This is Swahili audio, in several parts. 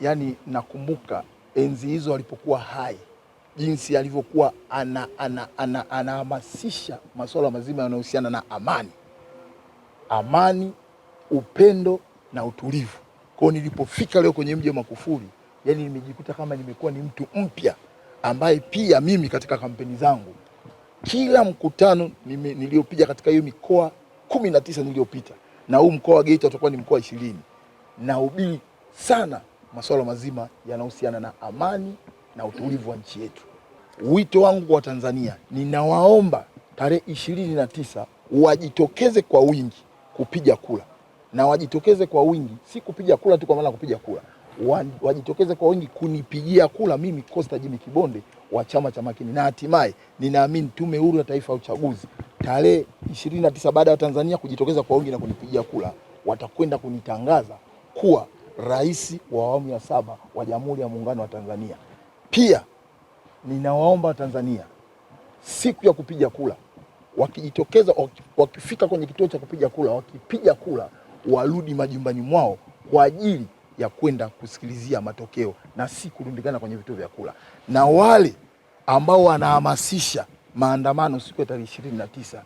yani nakumbuka enzi hizo alipokuwa hai jinsi alivyokuwa anahamasisha ana, ana, ana masuala mazima yanayohusiana na amani, amani, upendo na utulivu. Kwao nilipofika leo kwenye mji wa makufuri yani nimejikuta kama nimekuwa ni mtu mpya ambaye pia mimi katika kampeni zangu kila mkutano niliyopiga katika hiyo mikoa kumi na tisa niliyopita na huu mkoa wa Geita utakuwa ni mkoa ishirini na ubili sana masuala mazima yanahusiana na amani na utulivu wa nchi yetu. Wito wangu kwa Tanzania, ninawaomba tarehe ishirini na tisa wajitokeze kwa wingi kupiga kura, na wajitokeze kwa wingi, si kupiga kura tu kwa maana kupiga kura, wajitokeze kwa wingi kunipigia kura mimi Costa Jimmy Kibonde wa Chama cha Makini, na hatimaye ninaamini Tume Huru ya Taifa ya Uchaguzi tarehe 29 baada ya Tanzania kujitokeza kwa wingi na kunipigia kura, watakwenda kunitangaza kuwa rais wa awamu ya saba wa Jamhuri ya Muungano wa Tanzania. Pia ninawaomba Tanzania siku ya kupiga kula wakijitokeza, wakifika kwenye kituo cha kupiga kula, wakipiga kula warudi majumbani mwao kwa ajili ya kwenda kusikilizia matokeo na si kurundikana kwenye vituo vya kula. Na wale ambao wanahamasisha maandamano siku ya tarehe ishirini na tisa,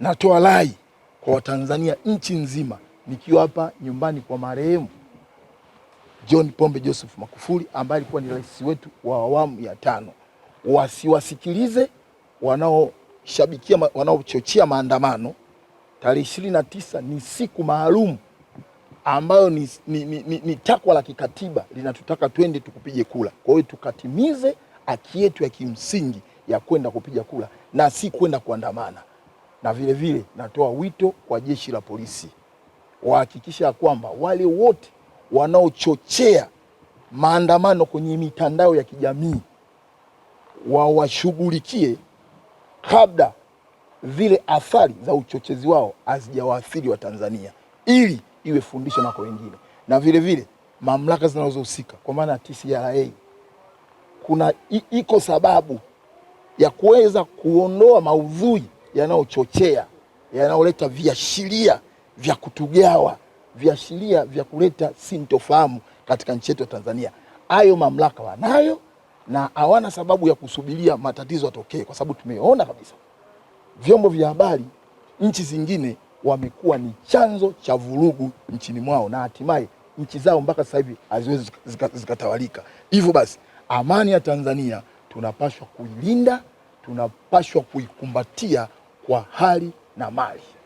natoa rai kwa Watanzania nchi nzima, nikiwa hapa nyumbani kwa marehemu John Pombe Joseph Magufuli ambaye alikuwa ni rais wetu wa awamu ya tano. Wasiwasikilize wanaoshabikia wanaochochea maandamano. Tarehe ishirini na tisa ni siku maalum ambayo ni, ni, ni, ni, ni takwa la kikatiba linatutaka twende tukupige kula. Kwa hiyo tukatimize haki yetu ya kimsingi ya kwenda kupiga kula na si kwenda kuandamana. Na vilevile vile, natoa wito kwa jeshi la polisi wahakikisha ya kwamba wale wote wanaochochea maandamano kwenye mitandao ya kijamii wawashughulikie kabla zile athari za uchochezi wao hazijawaathiri wa tanzania ili iwe fundisho na kwa wengine, na vile vile mamlaka zinazohusika kwa maana ya TCRA, kuna iko sababu ya kuweza kuondoa maudhui yanayochochea yanayoleta viashiria vya kutugawa viashiria vya kuleta sintofahamu katika nchi yetu ya Tanzania. Hayo mamlaka wanayo na hawana sababu ya kusubiria matatizo yatokee, kwa sababu tumeona kabisa vyombo vya habari nchi zingine wamekuwa ni chanzo cha vurugu nchini mwao na hatimaye nchi zao mpaka sasa hivi haziwezi zikatawalika. Hivyo basi, amani ya Tanzania tunapaswa kuilinda, tunapaswa kuikumbatia kwa hali na mali.